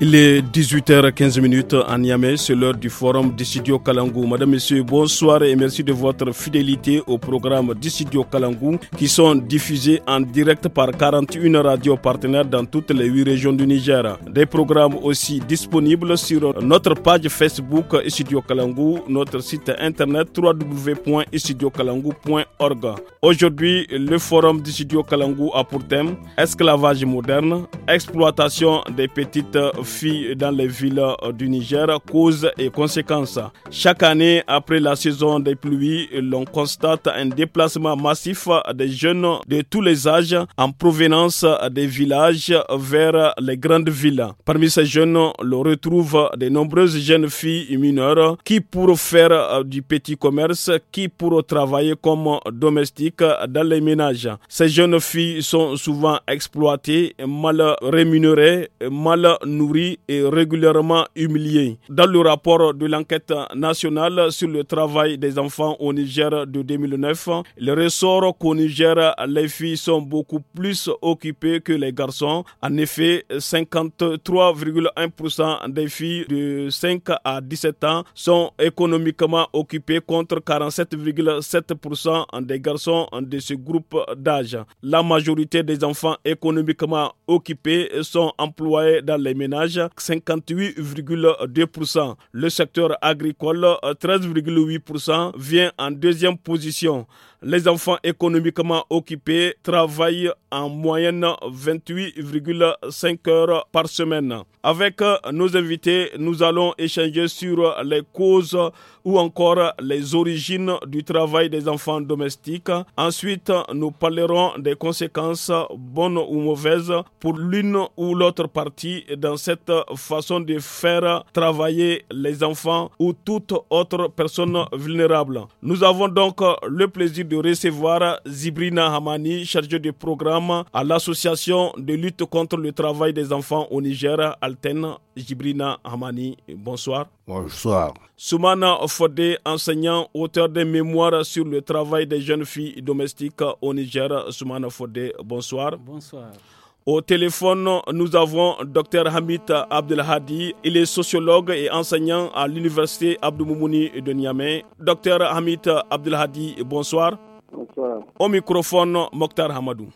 il est 18h15 en Niamey, c'est l'heure du forum Dissidio Kalangou. Madame, Monsieur, bonsoir et merci de votre fidélité au programme Dissidio Kalangou qui sont diffusés en direct par 41 radios partenaires dans toutes les 8 régions du Niger. Des programmes aussi disponibles sur notre page Facebook Studio Kalangou, notre site internet www.studiokalangou.org. Aujourd'hui, le forum Dissidio Kalangou a pour thème esclavage moderne, exploitation des petites filles dans les villes euh, du Niger, causes et conséquences. Chaque année, après la saison des pluies, l'on constate un déplacement massif des jeunes de tous les âges en provenance des villages vers les grandes villes. Parmi ces jeunes, l'on retrouve de nombreuses jeunes filles mineures qui pour faire euh, du petit commerce, qui pour travailler comme domestiques dans les ménages. Ces jeunes filles sont souvent exploitées, mal rémunérées, mal nourries et régulièrement humilié Dans le rapport de l'enquête nationale sur le travail des enfants au Niger de 2009, le ressort qu'au Niger, les filles sont beaucoup plus occupées que les garçons. En effet, 53,1% des filles de 5 à 17 ans sont économiquement occupées contre 47,7% des garçons de ce groupe d'âge. La majorité des enfants économiquement occupés sont employés dans les ménages, 58,2%. Le secteur agricole, 13,8%, vient en deuxième position. Les enfants économiquement occupés travaillent en moyenne 28,5 heures par semaine. Avec euh, nos invités, nous allons échanger sur les causes ou encore les origines du travail des enfants domestiques. Ensuite, nous parlerons des conséquences bonnes ou mauvaises pour l'une ou l'autre partie dans cette façon de faire travailler les enfants ou toute autre personne vulnérable. Nous avons donc le plaisir de recevoir Zibrina Hamani, chargée de programme à l'association de lutte contre le travail des enfants au Niger, Alten. Zibrina Hamani, bonsoir. Bonsoir. Soumana Fodé, enseignant, auteur de mémoires sur le travail des jeunes filles domestiques au Niger. Soumana Fodé, bonsoir. Bonsoir. Au téléphone, nous avons Dr Hamid Abdelhadi. Il est sociologue et enseignant à l'université Abdoumoumouni de Niamey. Dr Hamid Abdelhadi, bonsoir. Bonsoir. Au microphone, Mokhtar Hamadou.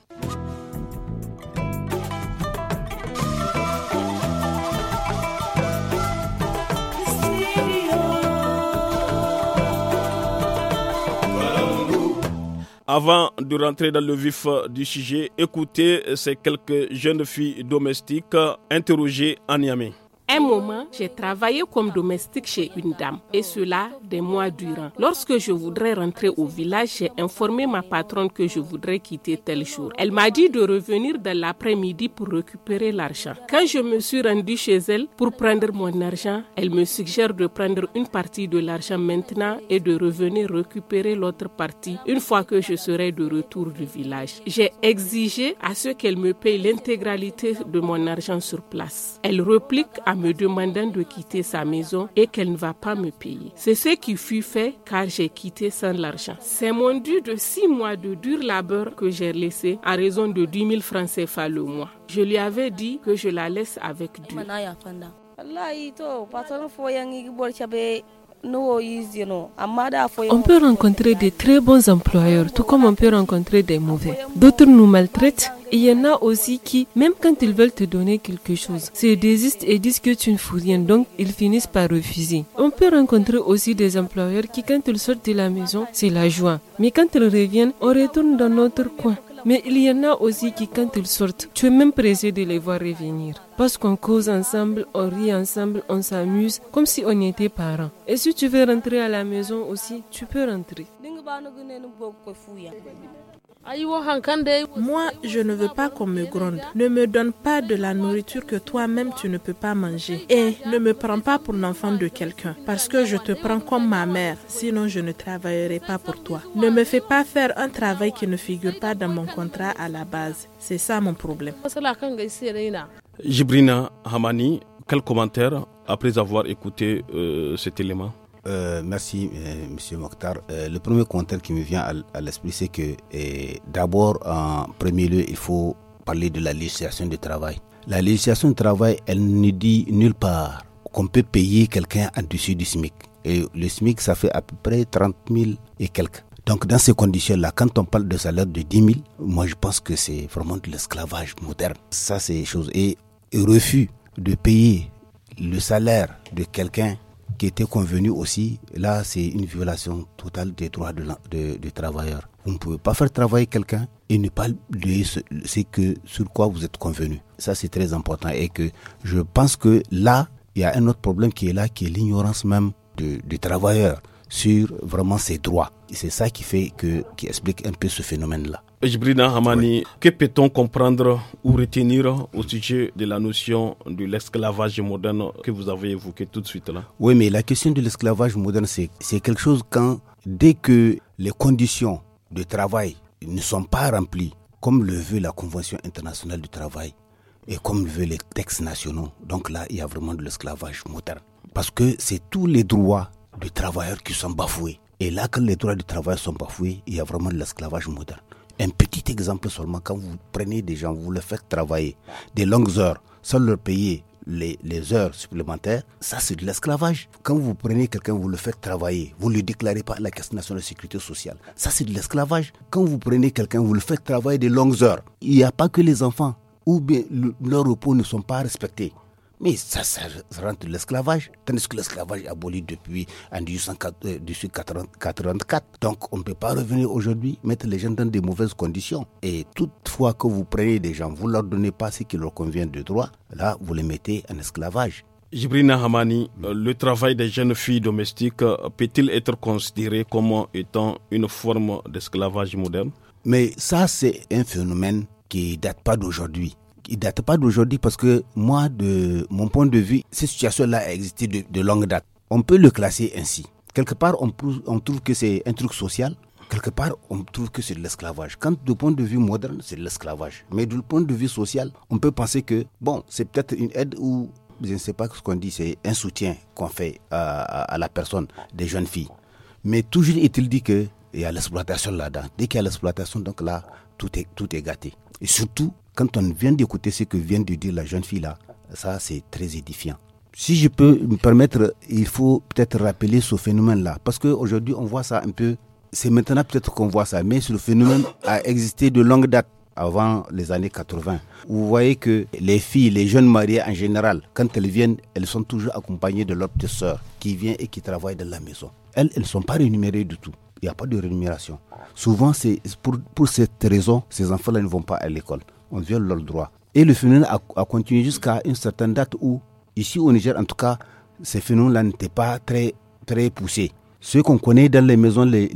Avant de rentrer dans le vif euh, du sujet, écoutez euh, ces quelques jeunes filles domestiques euh, interrogées en Niamey un moment, j'ai travaillé comme domestique chez une dame, et cela des mois durant. Lorsque je voudrais rentrer au village, j'ai informé ma patronne que je voudrais quitter tel jour. Elle m'a dit de revenir dans l'après-midi pour récupérer l'argent. Quand je me suis rendue chez elle pour prendre mon argent, elle me suggère de prendre une partie de l'argent maintenant et de revenir récupérer l'autre partie une fois que je serai de retour du village. J'ai exigé à ce qu'elle me paye l'intégralité de mon argent sur place. Elle replique à me demandant de quitter sa maison et qu'elle ne va pas me payer. C'est ce qui fut fait car j'ai quitté sans l'argent. C'est mon dû de six mois de dur labeur que j'ai laissé à raison de 10 000 francs CFA le mois. Je lui avais dit que je la laisse avec Dieu. On peut rencontrer des très bons employeurs, tout comme on peut rencontrer des mauvais. D'autres nous maltraitent. Et il y en a aussi qui, même quand ils veulent te donner quelque chose, se désistent et disent que tu ne fous rien, donc ils finissent par refuser. On peut rencontrer aussi des employeurs qui, quand ils sortent de la maison, c'est la joie. Mais quand ils reviennent, on retourne dans notre coin. Mais il y en a aussi qui, quand ils sortent, tu es même pressé de les voir revenir. Parce qu'on cause ensemble, on rit ensemble, on s'amuse, comme si on était parents. Et si tu veux rentrer à la maison aussi, tu peux rentrer. Moi, je ne veux pas qu'on me gronde. Ne me donne pas de la nourriture que toi-même tu ne peux pas manger. Et ne me prends pas pour l'enfant de quelqu'un, parce que je te prends comme ma mère, sinon je ne travaillerai pas pour toi. Ne me fais pas faire un travail qui ne figure pas dans mon contrat à la base. C'est ça mon problème. Jibrina Hamani, quel commentaire après avoir écouté euh, cet élément euh, merci, euh, Monsieur Mokhtar. Euh, le premier commentaire qui me vient à, l'esprit, c'est que d'abord, en premier lieu, il faut parler de la législation De travail. La législation de travail, elle ne dit nulle part qu'on peut payer quelqu'un en dessus du SMIC. Et le SMIC, ça fait à peu près 30 000 et quelques. Donc, dans ces conditions-là, quand on parle de salaire de 10 000, moi, je pense que c'est vraiment de l'esclavage moderne. Ça, c'est chose. et refus de payer le salaire de quelqu'un était convenu aussi, là, c'est une violation totale des droits du de, de, travailleur. Vous ne pouvez pas faire travailler quelqu'un et ne pas lui ce, que, sur quoi vous êtes convenu. Ça, c'est très important et que je pense que là, il y a un autre problème qui est là, qui est l'ignorance même du travailleur sur vraiment ses droits. c'est ça qui fait que, qui explique un peu ce phénomène-là. Jibrina Hamani, que peut-on comprendre ou retenir au sujet de la notion de l'esclavage moderne que vous avez évoqué tout de suite là Oui, mais la question de l'esclavage moderne, c'est quelque chose quand, dès que les conditions de travail ne sont pas remplies, comme le veut la Convention internationale du travail et comme le veut les textes nationaux, donc là, il y a vraiment de l'esclavage moderne. Parce que c'est tous les droits du travailleur qui sont bafoués. Et là, quand les droits du travail sont bafoués, il y a vraiment de l'esclavage moderne. Un petit exemple seulement, quand vous prenez des gens, vous les faites travailler des longues heures sans leur payer les, heures supplémentaires, ça c'est de l'esclavage. Quand vous prenez quelqu'un, vous le faites travailler, vous ne le déclarez pas la question nationale de sécurité sociale, ça c'est de l'esclavage. Quand vous prenez quelqu'un, vous le faites travailler des longues heures. Il n'y a pas que les enfants ou bien leurs repos ne sont pas respectés. Mais ça, ça rentre l'esclavage, tandis que l'esclavage est aboli depuis 1884. Euh, Donc on ne peut pas revenir aujourd'hui, mettre les gens dans de mauvaises conditions. Et toutefois que vous prenez des gens, vous ne leur donnez pas ce qui leur convient de droit, là, vous les mettez en esclavage. Jibrina Hamani, euh, le travail des jeunes filles domestiques euh, peut-il être considéré comme étant une forme d'esclavage moderne Mais ça, c'est un phénomène qui date pas d'aujourd'hui il date pas d'aujourd'hui parce que moi, de mon point de vue, cette situation-là a existé de, longue date. On peut le classer ainsi. Quelque part, on, trouve que c'est un truc social. Quelque part, on trouve que c'est de l'esclavage. Quand du point de vue moderne, c'est de l'esclavage. Mais du point de vue social, on peut penser que, bon, c'est peut-être une aide ou, je ne sais pas ce qu'on dit, c'est un soutien qu'on fait à, à la personne des jeunes filles. Mais toujours est-il dit que y a l'exploitation là-dedans. Dès qu'il y a l'exploitation, donc là, tout est, tout est gâté. Et surtout, quand on vient d'écouter ce que vient de dire la jeune fille là, ça c'est très édifiant. Si je peux me permettre, il faut peut-être rappeler ce phénomène-là, parce qu'aujourd'hui on voit ça un peu, c'est maintenant peut-être qu'on voit ça, mais ce phénomène a existé de longue date avant les années 80. Vous voyez que les filles, les jeunes mariées en général, quand elles viennent, elles sont toujours accompagnées de leur petite sœur qui vient et qui travaille dans la maison. Elles, elles ne sont pas rémunérées du tout. Il n'y a pas de rémunération. Souvent, c'est pour, pour cette raison, ces enfants-là ne vont pas à l'école on viole leurs droits. Et le phénomène a, continué jusqu'à une certaine date où, ici au Niger en tout cas, ces phénomène là n'étaient pas très, très poussés. Ceux qu'on connaît dans les maisons, les,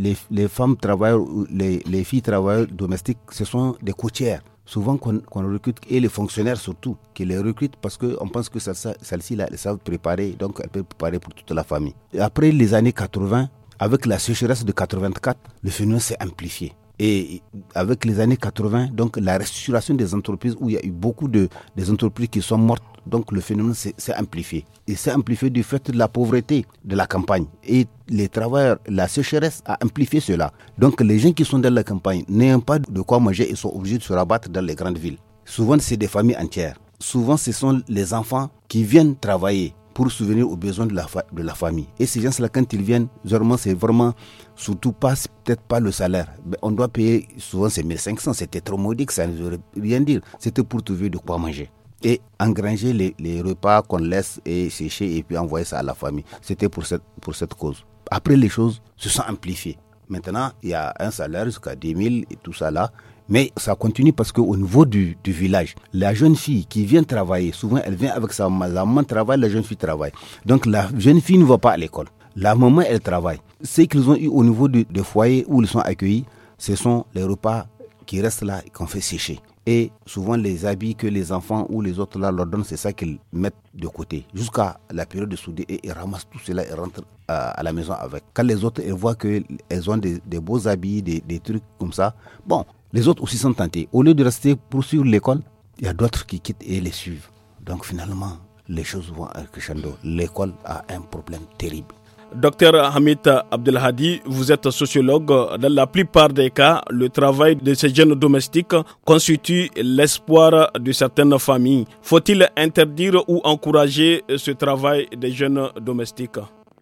femmes travailleurs, les, les, filles travailleurs domestiques, ce sont des côtières. Souvent qu'on recrute, et les fonctionnaires surtout, qui les recrutent parce qu'on pense que celles-ci elles savent préparer, donc elles peuvent préparer pour toute la famille. après les années 80, avec la sécheresse de 84, le phénomène s'est amplifié. Et avec les années 80, donc la restructuration des entreprises où il y a eu beaucoup de des entreprises qui sont mortes, donc le phénomène s'est amplifié. Et s'est amplifié du fait de la pauvreté de la campagne. Et les travailleurs, la sécheresse a amplifié cela. Donc les gens qui sont dans la campagne n'ayant pas de quoi manger, ils sont obligés de se rabattre dans les grandes villes. Souvent, c'est des familles entières. Souvent, ce sont les enfants qui viennent travailler pour souvenir aux besoins de la, de la famille. Et ces gens-là, quand ils viennent, vraiment, c'est vraiment, surtout pas, peut-être pas le salaire. Mais on doit payer, souvent c'est 1500, c'était trop modique, ça ne veut rien dire. C'était pour trouver de quoi manger. Et engranger les, les repas qu'on laisse et sécher et puis envoyer ça à la famille. C'était pour cette, pour cette cause. Après, les choses se sont amplifiées. Maintenant, il y a un salaire jusqu'à 10 000 et tout ça là. Mais ça continue parce qu'au niveau du, du, village, la jeune fille qui vient travailler, souvent elle vient avec sa maman, la travaille, la jeune fille travaille. Donc la jeune fille ne va pas à l'école. La maman, elle travaille. Ce qu'ils ont eu au niveau des de foyers où ils sont accueillis, ce sont les repas qui restent là et qu'on fait sécher. Et souvent les habits que les enfants ou les autres là leur donnent, c'est ça qu'ils mettent de côté jusqu'à la période de soudé, et ils ramassent tout cela et rentrent à, la maison avec. Quand les autres ils voient qu'ils ont des, beaux habits, des, des trucs comme ça, bon, les autres aussi sont tentés. Au lieu de rester pour suivre l'école, il y a d'autres qui quittent et les suivent. Donc finalement, les choses vont à crescendo. L'école a un problème terrible. Docteur Hamid Abdelhadi, vous êtes sociologue. Dans la plupart des cas, le travail de ces jeunes domestiques constitue l'espoir de certaines familles. Faut-il interdire ou encourager ce travail des jeunes domestiques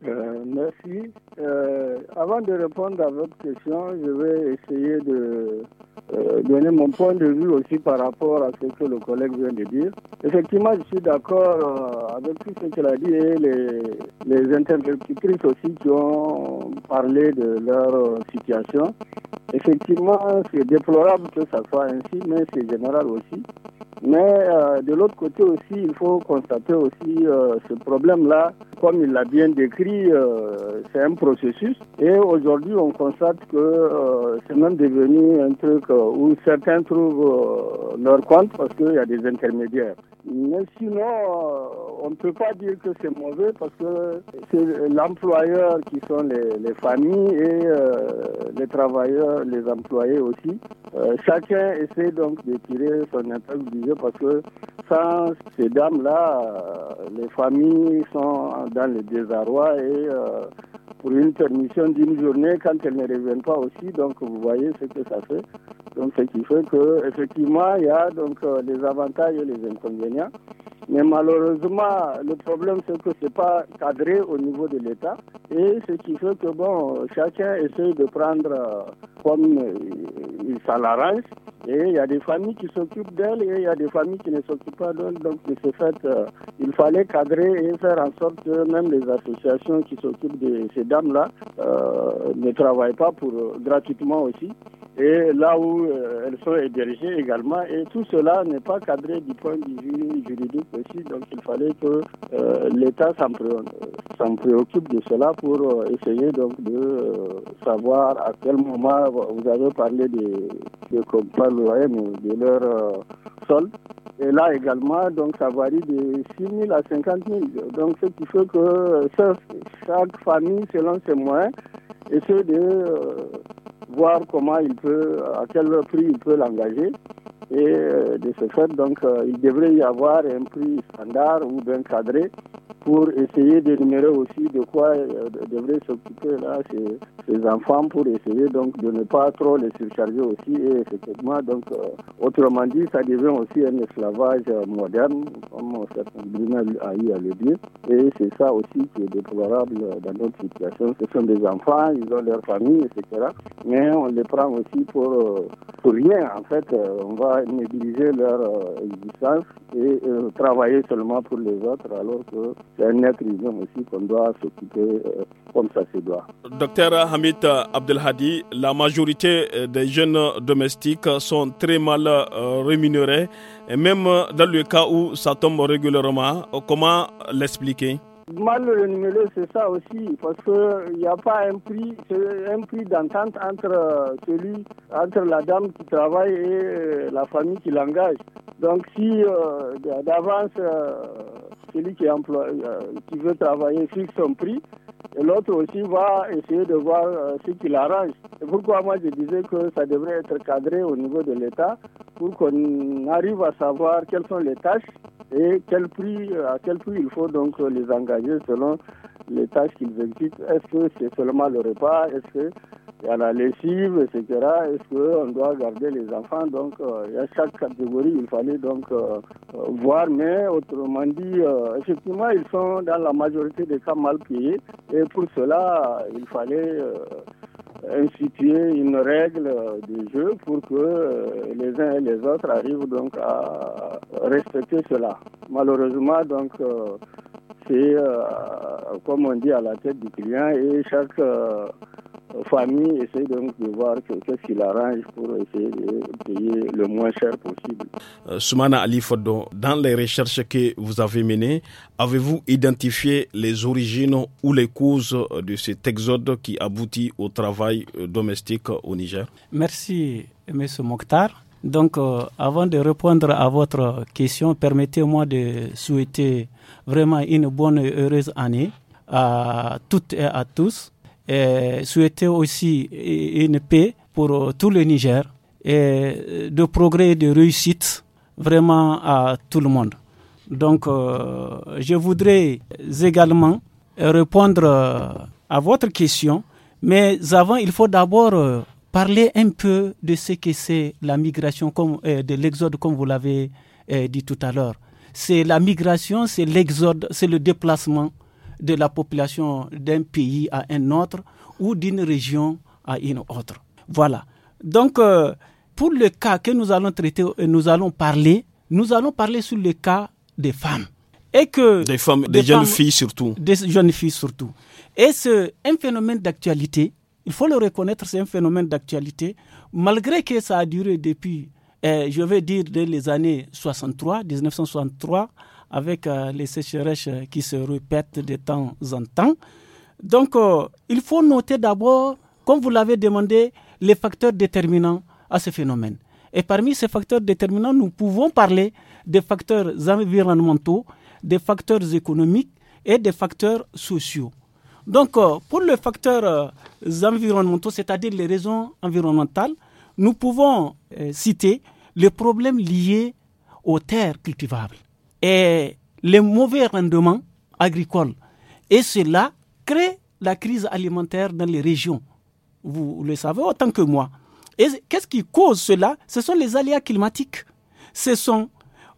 euh, Merci. Euh, avant de répondre à votre question, je vais essayer de euh, donner mon point de vue aussi par rapport à ce que le collègue vient de dire. Effectivement, je suis d'accord euh, avec tout ce qu'il a dit et les, les aussi qui ont parlé de leur euh, situation. Effectivement, c'est déplorable que ça soit ainsi, mais c'est général aussi. Mais de l'autre côté aussi, il faut constater aussi ce problème-là, comme il l'a bien décrit, c'est un processus. Et aujourd'hui, on constate que c'est même devenu un truc euh, où certains trouvent euh, leur compte parce qu'il y a des intermédiaires. Mais sinon, euh, on ne peut pas dire que c'est mauvais parce que c'est l'employeur qui sont les, familles et les travailleurs, les employés aussi. chacun essaie donc de tirer son impact du parce que sans ces dames-là, les familles sont dans le désarroi et pour une permission d'une journée quand elle ne revient pas aussi. Donc vous voyez ce que ça fait. Donc ce qui fait que effectivement il y a donc euh, les avantages et les inconvénients. Mais malheureusement, le problème, c'est que ce n'est pas cadré au niveau de l'État. Et ce qui fait que, bon, chacun essaie de prendre euh, comme euh, il s'en Et il y a des familles qui s'occupent d'elles et il y a des familles qui ne s'occupent pas d'elles. Donc, de ce fait, euh, il fallait cadrer et faire en sorte que même les associations qui s'occupent de ces dames-là ne travaillent pas pour, gratuitement aussi et là où elles sont hébergées également. Et tout cela n'est pas cadré du point de vue juridique donc il fallait que euh, l'État s'en préoccupe de cela pour euh, essayer de euh, savoir à quel moment vous avez parlé des, de leur sol. Et là également, donc ça varie de 6 000 à 50 000. Donc ce qui fait que chaque famille, selon ses moyens, essaie de voir comment il peut, à quel prix il peut l'engager. Et euh, de ce fait, donc, euh, il devrait y avoir un prix standard ou bien cadré pour essayer d'énumérer aussi de quoi euh, devraient s'occuper là ces, enfants pour essayer donc de ne pas trop les surcharger aussi et effectivement donc autrement dit ça devient aussi un esclavage moderne comme certains a eu à le dire et c'est ça aussi qui est déplorable dans notre situation ce sont des enfants ils ont leur famille etc mais on les prend aussi pour, euh, pour rien. En fait, euh, on va négliger leur euh, existence et travailler seulement pour les autres, alors que c'est un être humain aussi qu'on doit s'occuper comme ça se doit. Docteur Hamid Abdelhadi, la majorité des jeunes domestiques sont très mal rémunérés, et même dans le cas où ça tombe régulièrement, comment l'expliquer mal renuméré, c'est ça aussi, parce qu'il n'y a pas un prix, un prix d'entente entre euh, celui, entre la dame qui travaille et euh, la famille qui l'engage. Donc si euh, d'avance celui qui, qui veut travailler fixe son prix, L'autre aussi va essayer de voir euh, ce qu'il arrange. C'est pourquoi moi je disais que ça devrait être cadré au niveau de l'État pour qu'on arrive à savoir quelles sont les tâches et euh, à quel prix il faut donc les engager selon les tâches qu'ils exécutent. Est-ce que c'est seulement le repas Est-ce il y a la lessive, etc. Est-ce qu'on doit garder les enfants Donc, euh, il y a chaque catégorie, il fallait donc euh, euh, voir. Mais autrement dit, effectivement, ils sont dans la majorité des cas mal payés. Et pour cela, il fallait instituer une règle du jeu pour que les uns et les autres arrivent donc à respecter cela. Malheureusement, donc, c'est comme on dit à la tête du client et chaque famille essaie donc de voir ce qu'il arrange pour essayer de payer le moins cher possible. Euh, Soumana Ali Foddo, dans les recherches que vous avez menées, avez-vous identifié les origines ou les causes de cet exode qui aboutit au travail euh, domestique au Niger Merci, M. Mokhtar. Donc, euh, avant de répondre à votre question, permettez-moi de souhaiter vraiment une bonne et heureuse année à toutes et à tous souhaiter aussi une paix pour euh, tout le Niger et euh, de progrès et de réussite vraiment à tout le monde. Donc, euh, je voudrais également répondre à votre question, mais avant, il faut d'abord parler un peu de ce que c'est la migration, comme, de l'exode, comme vous l'avez dit tout à l'heure. C'est la migration, c'est l'exode, c'est le déplacement de la population d'un pays à un autre ou d'une région à une autre. Voilà. Donc, euh, pour le cas que nous allons traiter, et euh, nous allons parler, nous allons parler sur le cas des femmes. Et que des femmes, des, jeunes filles surtout. Des jeunes filles surtout. Et c'est un phénomène d'actualité. Il faut le reconnaître, c'est un phénomène d'actualité. Malgré que ça a duré depuis, eh, je vais dire, dès les années 63, 1963 avec euh, les sécheresses qui se répètent de temps en temps. Donc, euh, il faut noter d'abord, comme vous l'avez demandé, les facteurs déterminants à ce phénomène. Et parmi ces facteurs déterminants, nous pouvons parler des facteurs environnementaux, des facteurs économiques et des facteurs sociaux. Donc, euh, pour les facteurs environnementaux, c'est-à-dire les raisons environnementales, nous pouvons citer les problèmes liés aux terres cultivables et les mauvais rendements agricoles. Et cela crée la crise alimentaire dans les régions. Vous le savez autant que moi. Et qu'est-ce qui cause cela Ce sont les aléas climatiques. Ce sont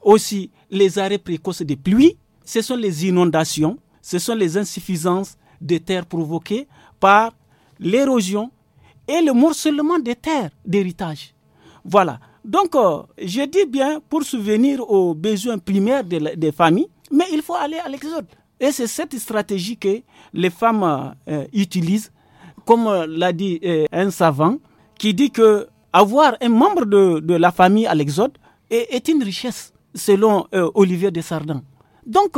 aussi les arrêts précoces des pluies. Ce sont les inondations. Ce sont les insuffisances des terres provoquées par l'érosion et le morcellement des terres d'héritage. Voilà. Donc, euh, je dis bien pour souvenir aux besoins primaires des familles, mais il faut aller à l'exode. Et c'est cette stratégie que les femmes euh, euh, utilisent, comme l'a dit un savant, qui dit que avoir un membre de, la famille à l'exode est, une richesse, selon Olivier de Sardin. Donc,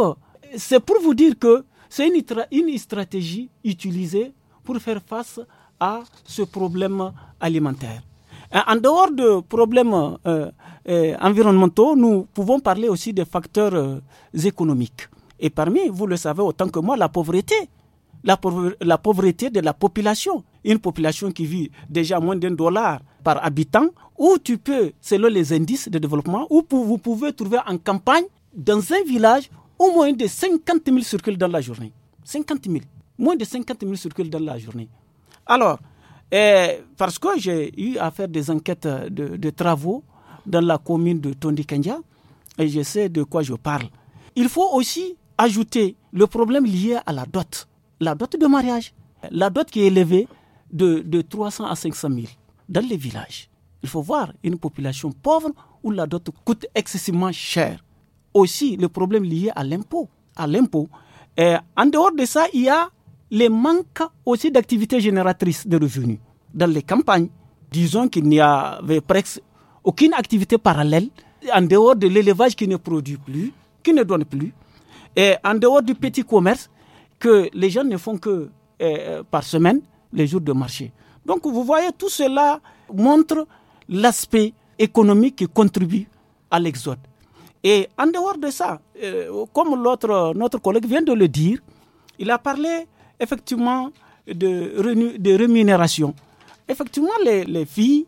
c'est pour vous dire que c'est une stratégie utilisée pour faire face à ce problème alimentaire. Euh, en dehors de problèmes euh, euh, environnementaux, nous pouvons parler aussi des facteurs économiques. Et parmi, vous le savez autant que moi, la pauvreté. La, pauvreté de la population. Une population qui vit déjà moins d'un dollar par habitant, où tu peux, selon les indices de développement, où vous pouvez trouver en campagne, dans un village, au moins de 50 000 circules dans la journée. 50 000. Moins de 50 000 circules dans la journée. Alors, et parce que j'ai eu à faire des enquêtes de, travaux dans la commune de Tondikandia et je sais de quoi je parle. Il faut aussi ajouter le problème lié à la dot, la dot de mariage, la dot qui est élevée de, de 300 à 500 000 dans les villages. Il faut voir une population pauvre où la dot coûte excessivement cher. Aussi, le problème lié à l'impôt. À l'impôt. en dehors de ça, il y a les manques aussi d'activités génératrices de revenus. Dans les campagnes, disons qu'il n'y avait presque aucune activité parallèle en dehors de l'élevage qui ne produit plus, qui ne donne plus, et en dehors du petit commerce que les gens ne font que euh, euh, par semaine, les jours de marché. Donc vous voyez, tout cela montre l'aspect économique qui contribue à l'exode. Et en dehors de ça, euh, comme notre collègue vient de le dire, il a parlé effectivement de, de rémunération. Effectivement, les, filles,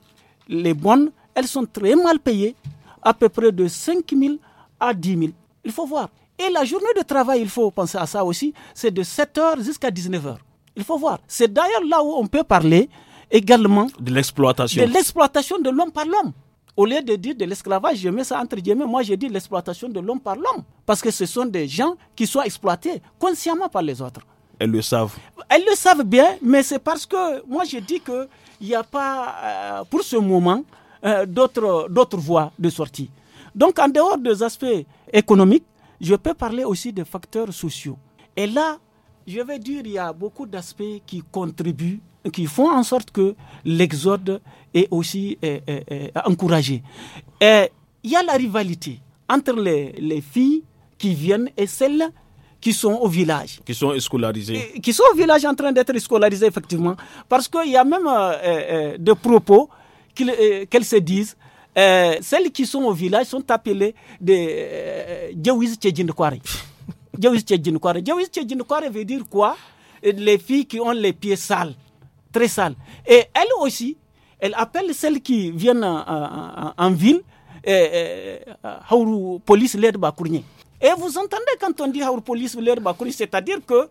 les bonnes, elles sont très mal payées, à peu près de 5 000 à 10 000. Il faut voir. Et la journée de travail, il faut penser à ça aussi, c'est de 7 heures jusqu'à 19 heures. Il faut voir. C'est d'ailleurs là où on peut parler également de l'exploitation de l'exploitation de l'homme par l'homme. Au lieu de dire de l'esclavage, je mets ça entre guillemets, moi j'ai dis l'exploitation de l'homme par l'homme. Parce que ce sont des gens qui sont exploités consciemment par les autres. Elles le savent. Elles le savent bien, mais c'est parce que moi je dis qu'il n'y a pas, euh, pour ce moment, euh, d'autres voies de sortie. Donc en dehors des aspects économiques, je peux parler aussi des facteurs sociaux. Et là, je vais dire, il y a beaucoup d'aspects qui contribuent, qui font en sorte que l'exode est aussi euh, encouragé. Et il y a la rivalité entre les, les filles qui viennent et celles qui sont au village. Qui sont scolarisés. Qui sont au village en train d'être scolarisés, effectivement. Parce qu'il y a même euh, euh, euh des propos euh, qu'elles se disent. celles qui sont au village sont appelées des Djawiz Tchedjinkwari. Djawiz Tchedjinkwari. Djawiz Tchedjinkwari veut dire quoi Les filles qui ont les pieds sales, très sales. Et elles aussi, elles appellent celles qui viennent en, en, en ville, haourou Police l'aide Bakournier. Et vous entendez quand on dit Haurpolis c'est-à-dire que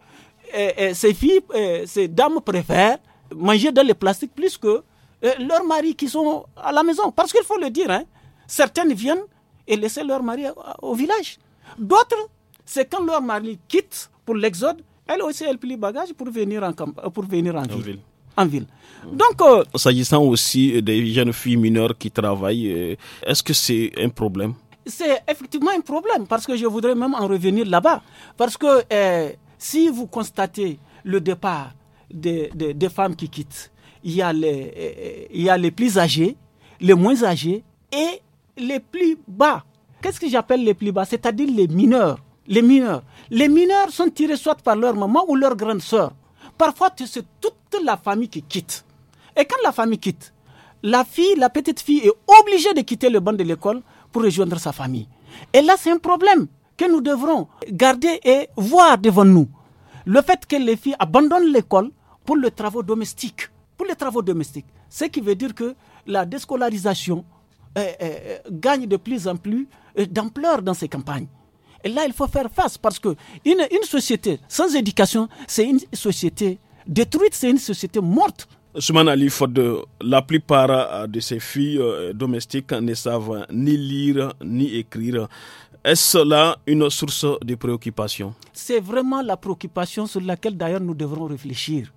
eh, eh, ces filles, eh, ces dames préfèrent manger dans les plastiques plus que leurs maris qui sont à la maison. Parce qu'il faut le dire, hein, certaines viennent et laissent leur maris au village. D'autres, c'est quand leur mari quitte pour l'exode, elles aussi, elles plient bagages pour venir en, pour venir en, ville. En ville. Donc, euh, s'agissant aussi des jeunes filles mineures qui travaillent, euh, est-ce que c'est un problème c'est effectivement un problème parce que je voudrais même en revenir là-bas. Parce que eh, si vous constatez le départ des, femmes qui quittent, il y, a les, eh, eh, il y a les plus âgés, les moins âgés et les plus bas. Qu'est-ce que j'appelle les plus bas C'est-à-dire les mineurs. Les mineurs. Les mineurs sont tirés soit par leur maman ou leur grande sœur. Parfois, c'est toute la famille qui quitte. Et quand la famille quitte, la fille, la petite fille est obligée de quitter le banc de l'école pour rejoindre sa famille. Et là, c'est un problème que nous devrons garder et voir devant nous. Le fait que les filles abandonnent l'école pour les travaux domestiques. Pour les travaux domestiques. Ce qui veut dire que la déscolarisation euh, euh, euh, gagne de plus en plus d'ampleur dans ces campagnes. Et là, il faut faire face parce que une société sans éducation, c'est une société détruite, c'est une société morte. Souman Ali la plupart euh, de ces filles euh, domestiques ne savent ni lire ni écrire. Est-ce là une source de préoccupation C'est vraiment la préoccupation sur laquelle d'ailleurs nous devrons réfléchir.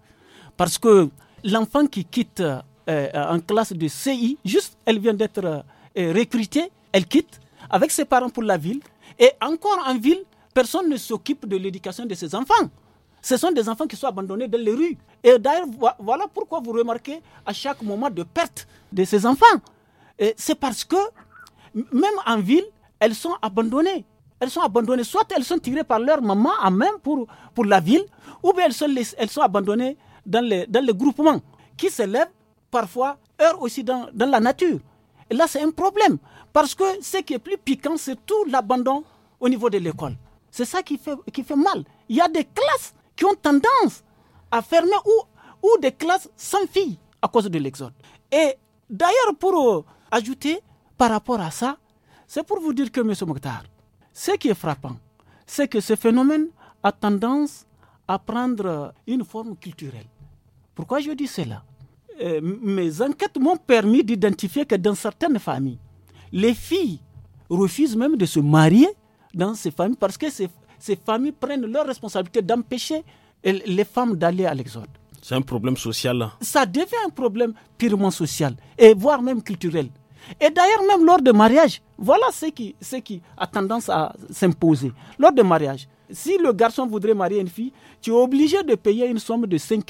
Parce que l'enfant qui quitte euh, en classe de CI, juste, elle vient d'être recrutée, elle quitte avec ses parents pour la ville. Et encore en ville, personne ne s'occupe de l'éducation de ses enfants. Ce sont des enfants qui sont abandonnés dans les rues. Et d'ailleurs, voilà pourquoi vous remarquez à chaque moment de perte de ces enfants. C'est parce que même en ville, elles sont abandonnées. Elles sont abandonnées. Soit elles sont tirées par leur maman à même pour, pour la ville, ou bien elles sont, elles sont abandonnées dans les, dans les groupements qui s'élèvent parfois, eux aussi, dans, dans la nature. Et là, c'est un problème. Parce que ce qui est plus piquant, c'est tout l'abandon au niveau de l'école. C'est ça qui fait, qui fait mal. Il y a des classes qui ont tendance à fermer ou, des classes sans filles à cause de l'exode. Et d'ailleurs, pour euh, ajouter par rapport à ça, c'est pour vous dire que, M. Mokhtar, ce qui est frappant, c'est que ce phénomène a tendance à prendre euh, une forme culturelle. Pourquoi je dis cela euh, Mes enquêtes m'ont permis d'identifier que dans certaines familles, les filles refusent même de se marier dans ces familles parce que ces familles prennent leur responsabilité d'empêcher les femmes d'aller à l'exode. C'est un problème social. Ça devient un problème purement social et voire même culturel. Et d'ailleurs, même lors de mariage, voilà ce qui, ce qui a tendance à s'imposer. Lors de mariage, si le garçon voudrait marier une fille, tu es obligé de payer une somme de 5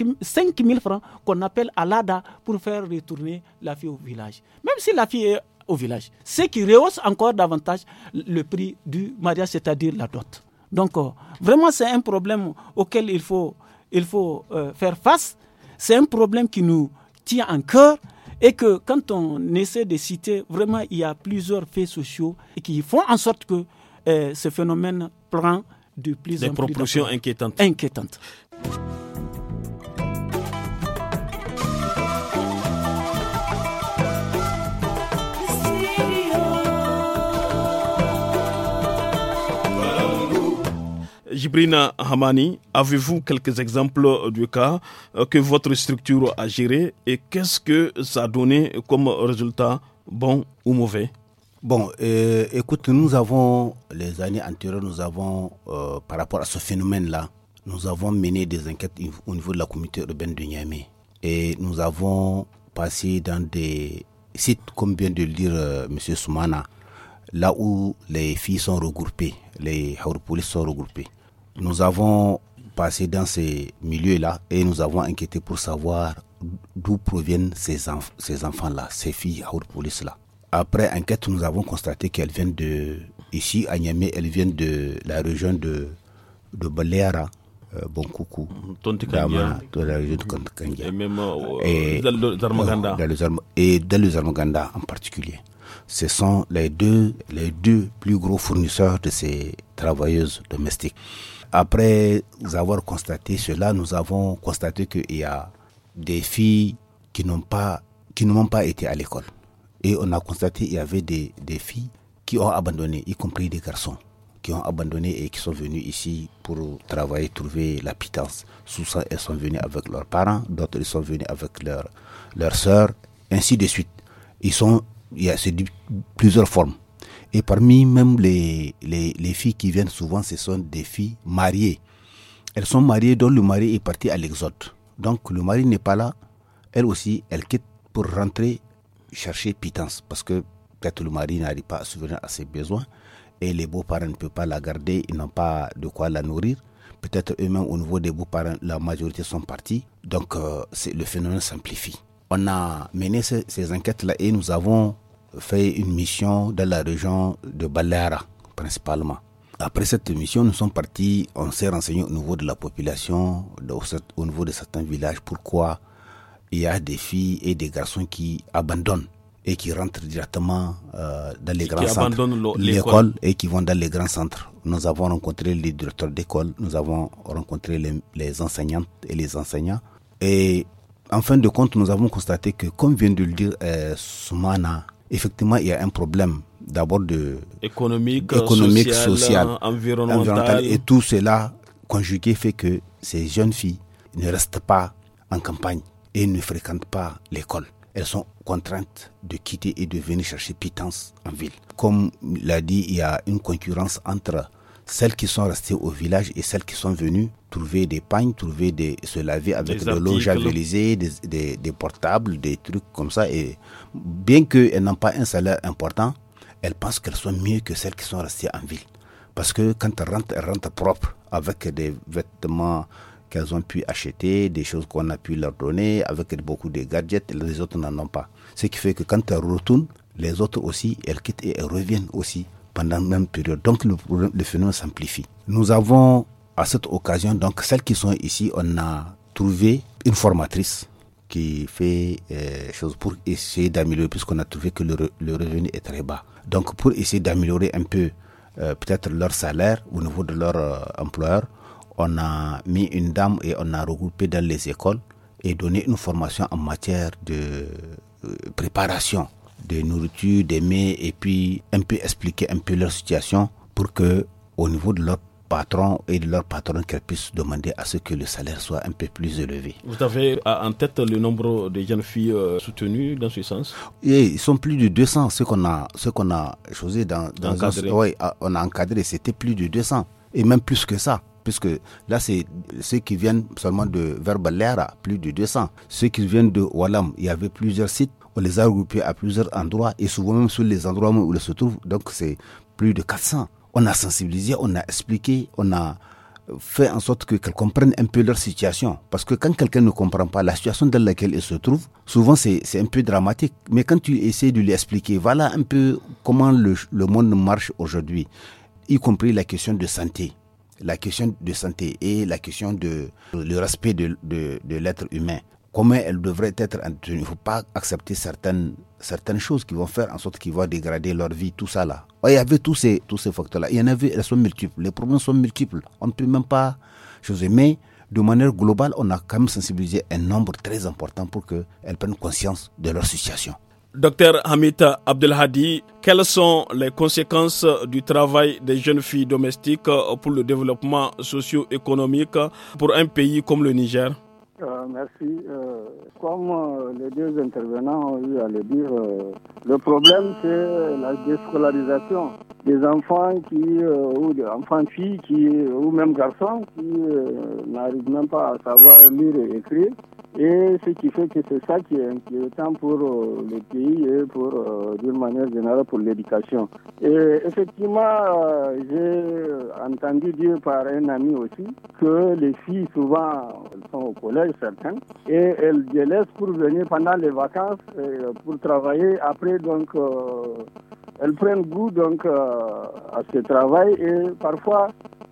000 francs qu'on appelle Alada pour faire retourner la fille au village. Même si la fille est au village. Ce qui rehausse encore davantage le prix du mariage, c'est-à-dire la dot. Donc, euh, vraiment, c'est un problème auquel il faut, il faut euh, faire face. C'est un problème qui nous tient en cœur et que quand on essaie de citer, vraiment, il y a plusieurs faits sociaux qui font en sorte que euh, ce phénomène prend de plus en plus. Des proportions inquiétantes. Inquiétantes. Jibrina Hamani, avez-vous quelques exemples du cas euh, que votre structure a géré et qu'est-ce que ça a donné comme résultat, bon ou mauvais Bon, euh, écoute, nous avons, les années antérieures, nous avons, euh, par rapport à ce phénomène-là, nous avons mené des enquêtes au niveau de la communauté urbaine de Niamey. Et nous avons passé dans des sites, comme vient de le dire M. Soumana, là où les filles sont regroupées, les polices sont regroupées. Nous avons passé dans ces milieux-là et nous avons inquiété pour savoir d'où proviennent ces, ces enfants-là, ces filles à haute police-là. Après enquête, nous avons constaté qu'elles viennent de, ici à Niamey, elles viennent de la région de, de Baleara, euh, Bonkoukou, la région de Et même euh, euh, dans le en particulier. Ce sont les deux, les deux plus gros fournisseurs de ces travailleuses domestiques. Après avoir constaté cela, nous avons constaté qu'il y a des filles qui n'ont pas, qui n'ont pas été à l'école. Et on a constaté qu'il y avait des, filles qui ont abandonné, y compris des garçons qui ont abandonné et qui sont venus ici pour travailler, trouver la pitance. ça, elles sont venues avec leurs parents, d'autres elles sont venues avec leurs leur sœurs, ainsi de suite. Ils sont, il y a plusieurs formes. Et parmi même les, les, filles qui viennent souvent, ce sont des filles mariées. Elles sont mariées dont le mari est parti à l'exode. Donc le mari n'est pas là. Elle aussi, elle quitte pour rentrer chercher pitance parce que peut-être le mari n'arrive pas à subvenir à ses besoins et les beaux-parents ne peuvent pas la garder, ils n'ont pas de quoi la nourrir. Peut-être eux-mêmes au niveau des beaux-parents, la majorité sont partis. Donc euh, le phénomène s'amplifie. On a mené ces enquêtes-là et nous avons fait une mission dans la région de Balara, principalement. Après cette mission, nous sommes partis, on s'est renseigné au niveau de la population, au niveau de certains villages, pourquoi il y a des filles et des garçons qui abandonnent et qui rentrent directement euh, dans les grands centres, l'école et qui vont dans les grands centres. Nous avons rencontré les directeurs d'école, nous avons rencontré les, enseignantes et les enseignants. Et en fin de compte, nous avons constaté que, comme vient de le dire euh, Soumana, effectivement, il y a un problème d'abord de économique, économique social, environnemental. environnemental. Et tout cela conjugué fait que ces jeunes filles ne restent pas en campagne et ne fréquentent pas l'école. Elles sont contraintes de quitter et de venir chercher pitance en ville. Comme l'a dit, il y a une concurrence entre celles qui sont restées au village et celles qui sont venues trouver des pagnes, trouver des, se laver avec des de l'eau javelisée, des, des, des, portables, des trucs comme ça. Et bien qu'elles n'ont pas un salaire important, elles pensent qu'elles sont mieux que celles qui sont restées en ville. Parce que quand elles rentrent, elles rentrent propres avec des vêtements qu'elles ont pu acheter, des choses qu'on a pu leur donner, avec beaucoup de gadgets, les autres n'en ont pas. Ce qui fait que quand elles retournent, les autres aussi, elles quittent et elles reviennent aussi pendant la même période. Donc le, phénomène s'amplifie. Nous avons à cette occasion, donc celles qui sont ici, on a trouvé une formatrice qui fait euh, chose pour essayer d'améliorer, puisqu'on a trouvé que le, revenu est très bas. Donc pour essayer d'améliorer un peu euh, peut-être leur salaire au niveau de leur euh, employeur, on a mis une dame et on a regroupé dans les écoles et donné une formation en matière de euh, préparation des nourritures, des mets, et puis un peu expliquer un peu leur situation pour que, au niveau de leur patron et de leur patron qu'elles puissent demander à ce que le salaire soit un peu plus élevé. Vous avez en tête le nombre de jeunes filles euh, soutenues dans ce sens et Ils sont plus de 200, ce qu'on a, ce qu'on a choisi dans, dans ah, on a encadré, c'était plus de 200 et même plus que ça. Puisque là, c'est ceux qui viennent seulement de Verbalera, plus de 200. Ceux qui viennent de Walam, il y avait plusieurs sites on les a regroupés à plusieurs endroits et souvent même sur les endroits où ils se trouvent. Donc c'est plus de 400. On a sensibilisé, on a expliqué, on a fait en sorte que qu'elles comprennent un peu leur situation. Parce que quand quelqu'un ne comprend pas la situation dans laquelle il se trouve, souvent c'est un peu dramatique. Mais quand tu essaies de lui expliquer, voilà un peu comment le, monde marche aujourd'hui, y compris la question de santé. La question de santé et la question de le respect de l'être humain comment elles devraient être Il ne faut pas accepter certaines, certaines choses qui vont faire en sorte qu'ils vont dégrader leur vie, tout ça là. Il y avait tous ces, tous ces facteurs-là. Il y en avait, elles sont multiples. Les problèmes sont multiples. On ne peut même pas choisir. Mais de manière globale, on a quand même sensibilisé un nombre très important pour qu'elles prennent conscience de leur situation. Docteur Hamid Abdelhadi, quelles sont les conséquences du travail des jeunes filles domestiques pour le développement socio-économique pour un pays comme le Niger euh, merci. comme euh, euh, les deux intervenants ont eu à le dire, le problème c'est la déscolarisation des enfants qui ou des enfants filles qui ou même garçons qui n'arrivent même pas à savoir lire et écrire et ce qui fait que c'est ça qui est inquiétant pour euh, le pays et pour, euh, d'une manière générale, pour l'éducation. Et effectivement, euh, j'ai entendu dire par un ami aussi que les filles, souvent, sont au collège, certains, et elles délaissent pour venir pendant les vacances, pour travailler après, donc, elles prennent goût donc euh, à ce travail et parfois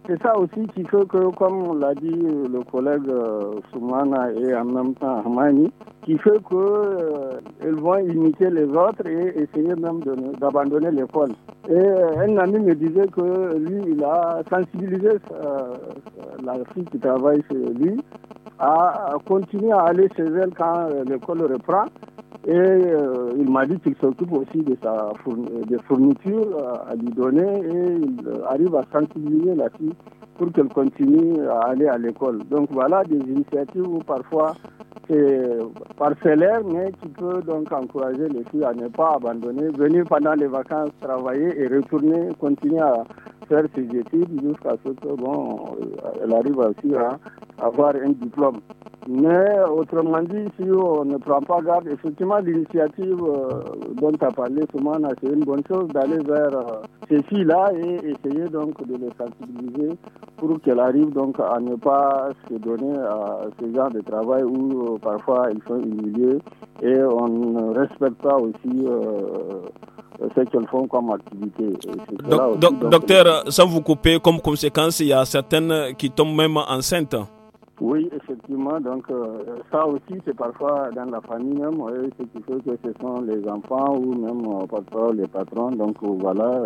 c'est ça aussi qui fait que, comme l'a dit le collègue euh, Soumana et en même temps Hamani, qui fait que euh, vont imiter les autres et essayer même d'abandonner l'école. Et un ami me disait que lui, il a sensibilisé la fille qui travaille chez lui à continuer à aller chez elle quand l'école reprend et euh, il m'a dit qu'il s'occupe aussi de sa de fournitures à lui donner et il euh, arrive à sensibiliser la fille pour qu'elle continue à aller à l'école. Donc voilà des initiatives où parfois c'est parcellaire, mais qui peut donc encourager les filles à ne pas abandonner, venir pendant les vacances travailler et retourner, continuer à faire ses études jusqu'à ce que, bon, euh, elle arrive aussi à avoir un diplôme. Mais autrement dit, si on ne prend pas garde, effectivement, l'initiative euh, dont tu as parlé, Soumana, c'est une bonne chose d'aller vers euh, ces filles-là et essayer donc de les sensibiliser pour qu'elles arrivent donc à ne pas se donner à ce genre de travail où parfois ils sont humiliés et on ne respecte pas aussi c'est qu'elles font comme activité. docteur, sans vous couper, comme conséquence, il y a certaines qui tombent même enceintes. Oui, effectivement. Donc, euh, ça aussi, c'est parfois dans la famille même, ce qui fait que ce sont les enfants ou même euh, parfois les patrons. Donc, euh, voilà,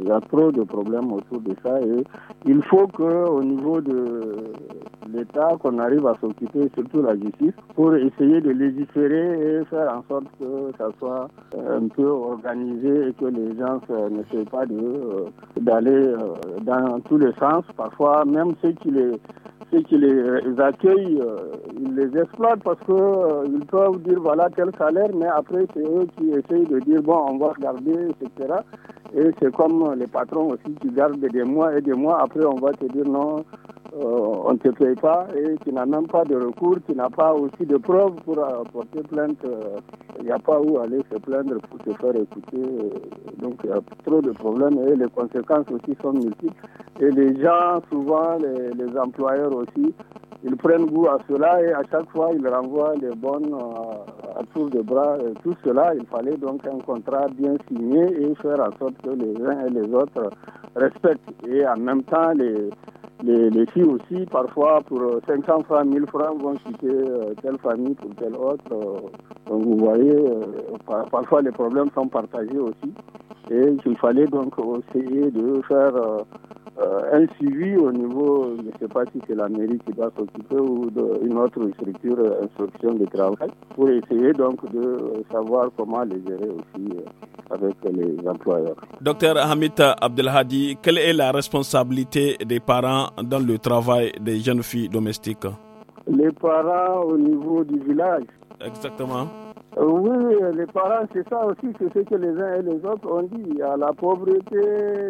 il y a trop de problèmes autour de ça et il faut que au niveau de l'État, qu'on arrive à s'occuper, surtout la justice, pour essayer de légiférer et faire en sorte que ça soit un peu organisé et que les gens ne pas d'aller dans tous les sens. Parfois, même ceux qui les qui les, euh, accueillent, euh, ils les exploitent parce qu'ils euh, ils peuvent dire voilà tel salaire, mais après c'est eux qui essayent de dire bon on va garder etc. Et c'est comme les patrons aussi qui gardent des mois et des mois, après on va te dire non, euh, on ne te paye pas et tu n'as même pas de recours, tu n'as pas aussi de preuves pour euh, porter plainte. Il euh, n'y a pas où aller se plaindre pour te faire écouter. Donc il y a trop de problèmes et les conséquences aussi sont multiples. Et les gens, souvent, les, employeurs aussi, ils prennent goût à cela et à chaque fois ils renvoient les bonnes à, tour de bras. tout cela, il fallait donc un contrat bien signé et faire en sorte que les uns et les autres respectent. Et en même temps, les, les, filles aussi, parfois, pour 500 euh, francs, 1000 francs, vont quitter euh, telle famille pour telle autre. Euh, donc, vous voyez, parfois, les problèmes sont partagés aussi. Et il fallait donc essayer de faire euh, un suivi au niveau, je ne sais pas si c'est la mairie qui doit s'occuper ou une autre structure, euh, instruction de travail, pour essayer donc de euh, savoir comment les gérer aussi avec les employeurs. Docteur Hamid Abdelhadi, quelle est la responsabilité des parents dans le travail des jeunes filles domestiques les parents au niveau du village, exactement Oui, les parents, c'est ça aussi, c'est ce que les uns et les autres ont dit. Il y a la pauvreté,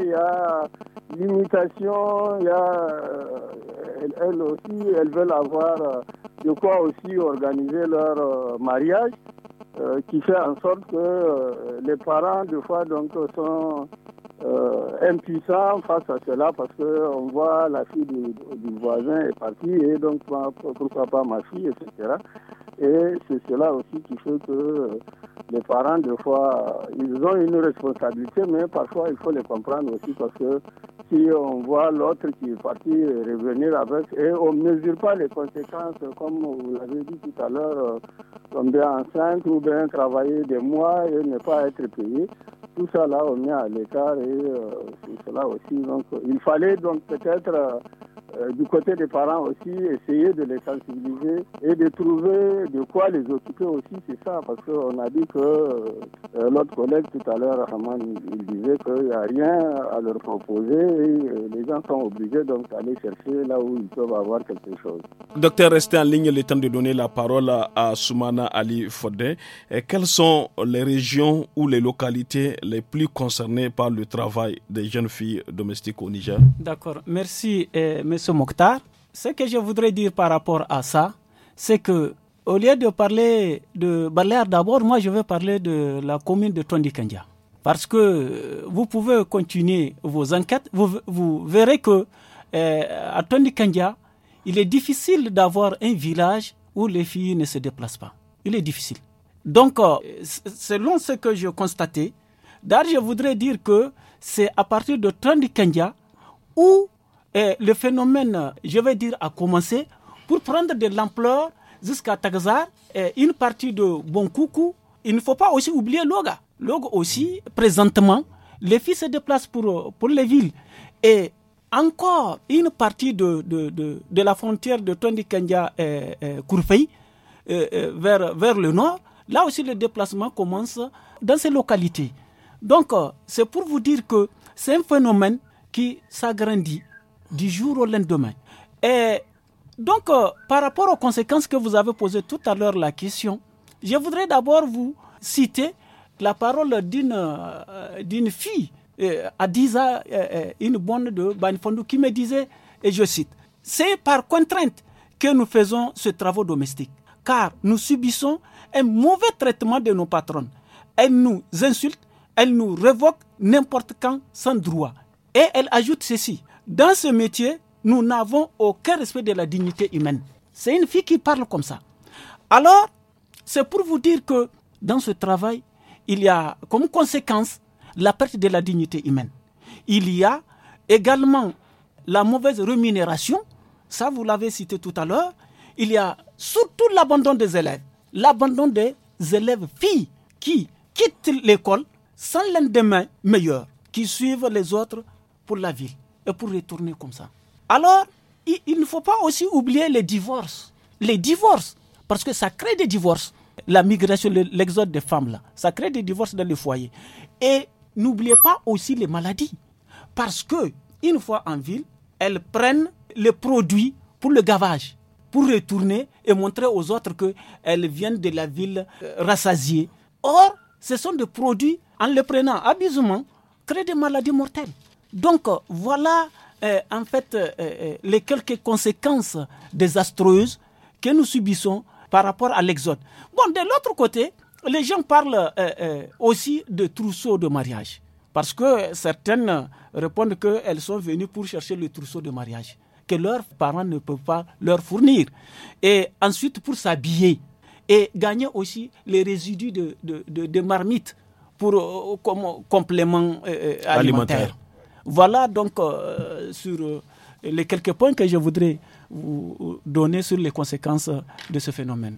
il y a l'imitation, il y a. Euh, elles, aussi, elles veulent avoir euh, de quoi aussi organiser leur euh, mariage, qui fait en sorte que les parents, des fois, donc, sont euh, impuissant face à cela parce qu'on voit la fille du, du, voisin est partie et donc pourquoi pas ma fille, etc. Et c'est cela aussi qui fait que les parents, des fois, ils ont une responsabilité, mais parfois il faut les comprendre aussi parce que si on voit l'autre qui est parti revenir avec et on ne mesure pas les conséquences, comme vous l'avez dit tout à l'heure, euh, tomber enceinte ou bien travailler des mois et ne pas être payé, tout ça là, on est à l'écart et euh, c'est cela aussi. Donc, il fallait donc peut-être euh, euh, du côté des parents aussi, essayer de les sensibiliser et de trouver de quoi les occuper aussi, c'est ça, parce qu'on a dit que euh, euh, notre collègue tout à l'heure, il disait qu'il n'y a rien à leur proposer et les gens sont obligés donc d'aller chercher là où ils peuvent avoir quelque chose. Docteur, restez en ligne, il est temps de donner la parole à Soumana Ali Fodé. Quelles sont les régions ou les localités les plus concernées par le travail des jeunes filles domestiques au Niger D'accord, merci, monsieur ce que je voudrais dire par rapport à ça, c'est que au lieu de parler de Balear d'abord, moi je vais parler de la commune de Tondikandia. Parce que euh, vous pouvez continuer vos enquêtes, vous, verrez que euh, à il est difficile d'avoir un village où les filles ne se déplacent pas. Il est difficile. Donc, euh, selon ce que j'ai constaté' d'ailleurs, je voudrais dire que c'est à partir de Tondikandia où et le phénomène, je vais dire, a commencé pour prendre de l'ampleur jusqu'à Tagazar et une partie de Bonkoukou. Il ne faut pas aussi oublier Loga. Loga aussi, présentement, les filles se déplacent pour, pour les villes. Et encore une partie de, de, de, de la frontière de tondikandia et, et Kourfei vers, vers le nord, là aussi le déplacement commence dans ces localités. Donc, euh, c'est pour vous dire que c'est un phénomène qui s'agrandit du jour au lendemain. Et donc, euh, par rapport aux conséquences que vous avez posées tout à l'heure la question, je voudrais d'abord vous citer la parole d'une euh, d'une fille, euh, euh, une bonne de Banifondou, qui me disait, et je cite, C'est par contrainte que nous faisons ce travail domestique, car nous subissons un mauvais traitement de nos patronnes. Elles nous insultent, elles nous révoquent n'importe quand sans droit. Et elle ajoute ceci, dans ce métier, nous n'avons aucun respect de la dignité humaine. C'est une fille qui parle comme ça. Alors, c'est pour vous dire que dans ce travail, il y a comme conséquence la perte de la dignité humaine. Il y a également la mauvaise rémunération, ça vous l'avez cité tout à l'heure. Il y a surtout l'abandon des élèves, l'abandon des élèves filles qui quittent l'école sans lendemain meilleur, qui suivent les autres pour la ville et pour retourner comme ça. Alors, il, ne faut pas aussi oublier les divorces. Les divorces, parce que ça crée des divorces. La migration, l'exode des femmes, là, ça crée des divorces dans les foyers. Et n'oubliez pas aussi les maladies. Parce que, une fois en ville, elles prennent les produits pour le gavage, pour retourner et montrer aux autres qu'elles viennent de la ville euh, rassasiée. Or, ce sont des produits, en les prenant abusivement, créent des maladies mortelles. Donc voilà euh, en fait euh, euh, les quelques conséquences désastreuses que nous subissons par rapport à l'exode. Bon, de l'autre côté, les gens parlent aussi de trousseau de mariage, parce que certaines répondent qu'elles sont venues pour chercher le trousseau de mariage, que leurs parents ne peuvent pas leur fournir, et ensuite pour s'habiller, et gagner aussi les résidus de, de, marmites pour, comme complément alimentaire. Voilà donc euh, sur euh, les quelques points que je voudrais vous euh, donner sur les conséquences de ce phénomène.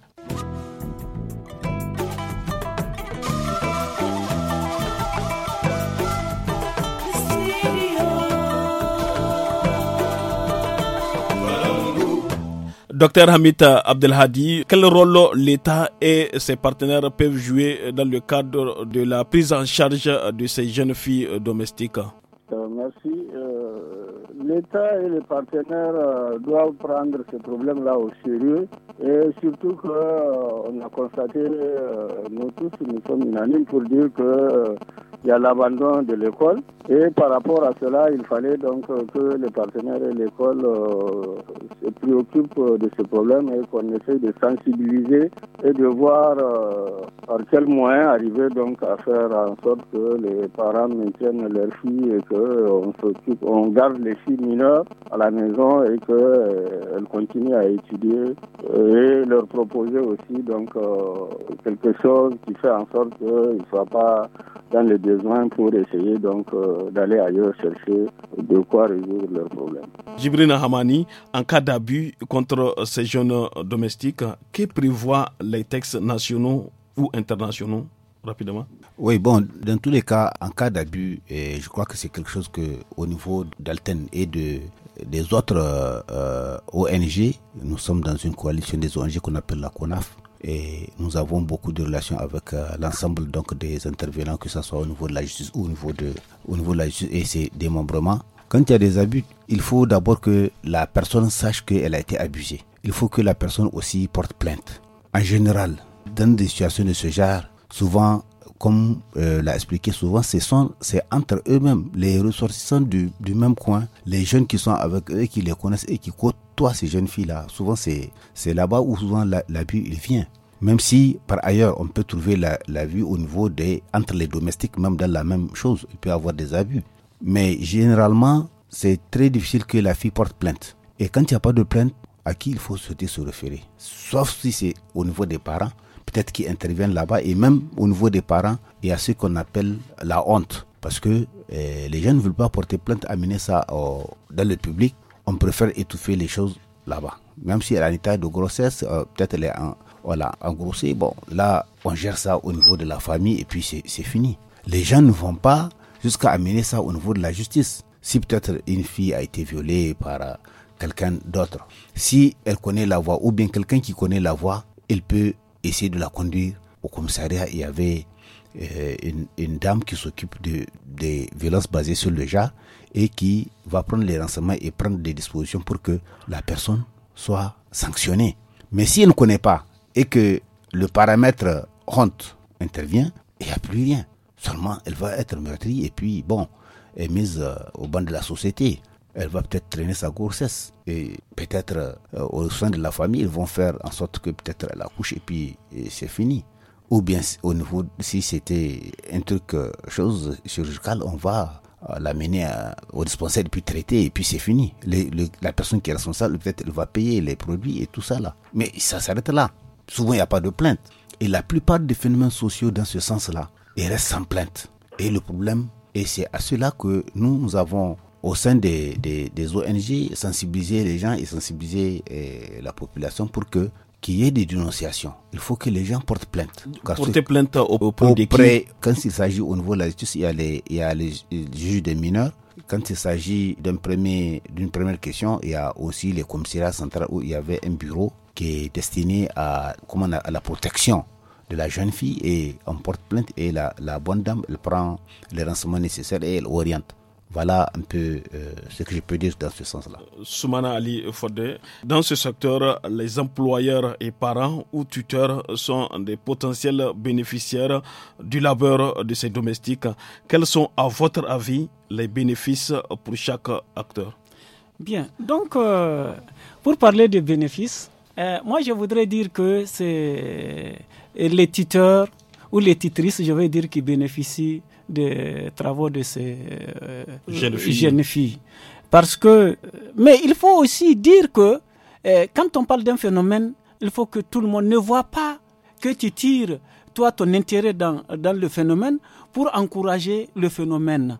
Docteur Hamid Abdelhadi, quel rôle l'État et ses partenaires peuvent jouer dans le cadre de la prise en charge de ces jeunes filles domestiques euh, merci. Euh, L'État et les partenaires euh, doivent prendre ce problème-là au sérieux et surtout qu'on a constaté, nous tous, nous sommes unanimes pour dire que il y a l'abandon de l'école. Et par rapport à cela, il fallait donc que les partenaires et l'école euh, se préoccupent de ce problème et qu'on essaie de sensibiliser et de voir euh, par quel moyen arriver donc à faire en sorte que les parents maintiennent leurs filles et qu'on s'occupe, on garde les filles mineures à la maison et qu'elles euh, continuent à étudier et leur proposer aussi donc quelque chose qui fait en sorte qu'ils ne soient pas dans les délais pour essayer donc euh, d'aller ailleurs chercher de quoi résoudre leurs problèmes. Jibrina Hamani, en cas d'abus contre ces jeunes domestiques, que prévoient les textes nationaux ou internationaux rapidement Oui, bon, dans tous les cas, en cas d'abus, je crois que c'est quelque chose que au niveau d'Alten et de des autres euh, euh, ONG, nous sommes dans une coalition des ONG qu'on appelle la CONAF et nous avons beaucoup de relations avec euh, l'ensemble donc des intervenants, que ce soit au niveau de la justice ou au niveau de, au niveau de la justice et ses démembrements. Quand il y a des abus, il faut d'abord que la personne sache qu'elle a été abusée. Il faut que la personne aussi porte plainte. En général, dans des situations de ce genre, souvent comme euh, l'a expliqué souvent, c'est entre eux-mêmes, les ressortissants du, du, même coin, les jeunes qui sont avec eux, qui les connaissent et qui côtoient ces jeunes filles-là. Souvent, c'est là-bas où souvent l'abus il vient. Même si par ailleurs on peut trouver la, au niveau entre les domestiques, même dans la même chose, il peut y avoir des abus. Mais généralement, c'est très difficile que la fille porte plainte. Et quand il n'y a pas de plainte, à qui il faut souhaiter se référer Sauf si c'est au niveau des parents peut-être qu'ils interviennent là-bas. Et même au niveau des parents, il y a ce qu'on appelle la honte. Parce que eh, les gens ne veulent pas porter plainte, amener ça dans le public. On préfère étouffer les choses là-bas. Même si elle a un état de grossesse, euh, peut-être elle est voilà, engrossée. Bon, là, on gère ça au niveau de la famille et puis c'est fini. Les gens ne vont pas jusqu'à amener ça au niveau de la justice. Si peut-être une fille a été violée par euh, quelqu'un d'autre, si elle connaît la voix ou bien quelqu'un qui connaît la voix, il peut essayer de la conduire au commissariat. Il y avait euh, une, dame qui s'occupe de, des violences basées sur le genre et qui va prendre les renseignements et prendre des dispositions pour que la personne soit sanctionnée. Mais si elle ne connaît pas et que le paramètre honte intervient, il n'y a plus rien. Seulement, elle va être meurtrie et puis, bon, est mise euh, au banc de la société elle va peut-être traîner sa grossesse. Et peut-être euh, au sein de la famille, ils vont faire en sorte que peut-être elle accouche et puis c'est fini. Ou bien au niveau, si c'était un truc, euh, chose chirurgicale, on va euh, l'amener au dispensaire et puis traiter et puis c'est fini. la personne qui est responsable, peut-être elle va payer les produits et tout ça là. Mais ça s'arrête là. Souvent, il n'y a pas de plainte. Et la plupart des phénomènes sociaux dans ce sens-là, ils restent sans plainte. Et le problème, et c'est à cela que nous, nous avons au sein des, des, ONG, sensibiliser les gens et sensibiliser euh, la population pour que qu'il y ait des dénonciations. Il faut que les gens portent plainte. Porter plainte auprès, Quand il s'agit au niveau de la justice, il y a les, il y a les juges des mineurs. Quand il s'agit d'une premier, première question, il y a aussi les commissariats centrales où il y avait un bureau qui est destiné à, comment, à la protection de la jeune fille et on porte plainte et la, la bonne dame, elle prend les renseignements nécessaires et elle oriente. Voilà un peu euh, ce que je peux dire dans ce sens-là. Soumana Ali Fodé, dans ce secteur, les employeurs et parents ou tuteurs sont des potentiels bénéficiaires du labeur de ces domestiques. Quels sont, à votre avis, les bénéfices pour chaque acteur Bien, donc euh, pour parler des bénéfices, euh, moi je voudrais dire que c'est les tuteurs ou les titrices, je vais dire, qui bénéficient des travaux de ces euh, jeunes, filles. Parce que, mais il faut aussi dire que eh, quand on parle d'un phénomène, il faut que tout le monde ne voit pas que tu tires toi ton intérêt dans, le phénomène pour encourager le phénomène.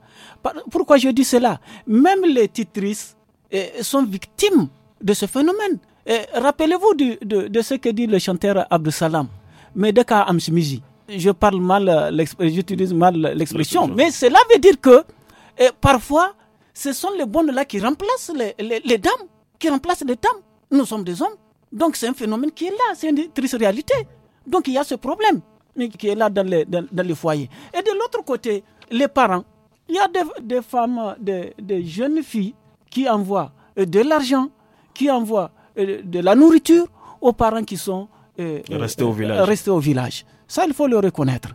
pourquoi je dis cela Même les titrices eh, sont victimes de ce phénomène. Eh, rappelez-vous de, de, ce que dit le chanteur Abdou Salam, Medeka Amshimizi je parle mal, euh, euh, j'utilise mal euh, l'expression, mais cela veut dire que parfois, ce sont les bonnes là qui remplacent les, dames, qui remplacent les dames. Nous sommes des hommes. Donc c'est un phénomène qui est là, c'est une triste réalité. Donc il y a ce problème qui est là dans les, foyers. Et de l'autre côté, les parents, il y a des, femmes, des, jeunes filles qui envoient de l'argent, qui envoient de la nourriture aux parents qui sont Restés au village. Ça, il faut le reconnaître.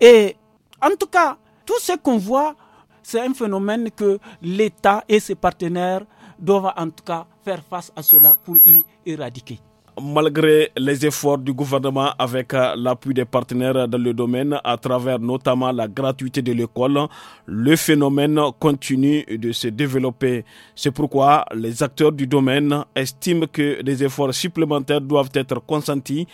Et en tout cas, tout ce qu'on voit, c'est un phénomène que l'État et ses partenaires doivent en tout cas faire face à cela pour y éradiquer. Malgré les efforts du gouvernement avec euh, l'appui des partenaires dans le domaine, à travers notamment la gratuité de l'école, le phénomène continue de se développer. C'est pourquoi les acteurs du domaine estiment que des efforts supplémentaires doivent être consentis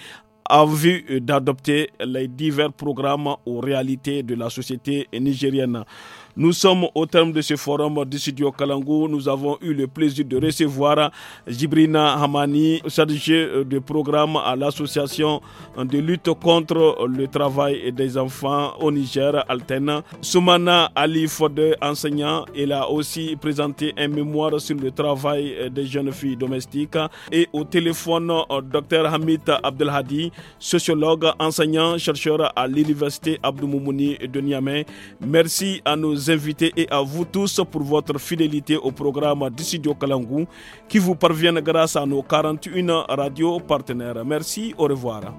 en vue d'adopter les divers programmes aux réalités de la société nigérienne. Nous sommes au terme de ce forum du studio Kalangou. Nous avons eu le plaisir de recevoir Jibrina Hamani, chargée de programme à l'association de lutte contre le travail des enfants au Niger, Altena. Soumana Ali Fode, enseignant, elle a aussi présenté un mémoire sur le travail des jeunes filles domestiques. Et au téléphone, Dr Hamid Abdelhadi, sociologue, enseignant, chercheur à l'université Abdou Moumouni de Niamey. Merci à nos invités et à vous tous pour votre fidélité au programme Dissidio Kalangu qui vous parvient grâce à nos 41 radios partenaires. Merci, au revoir.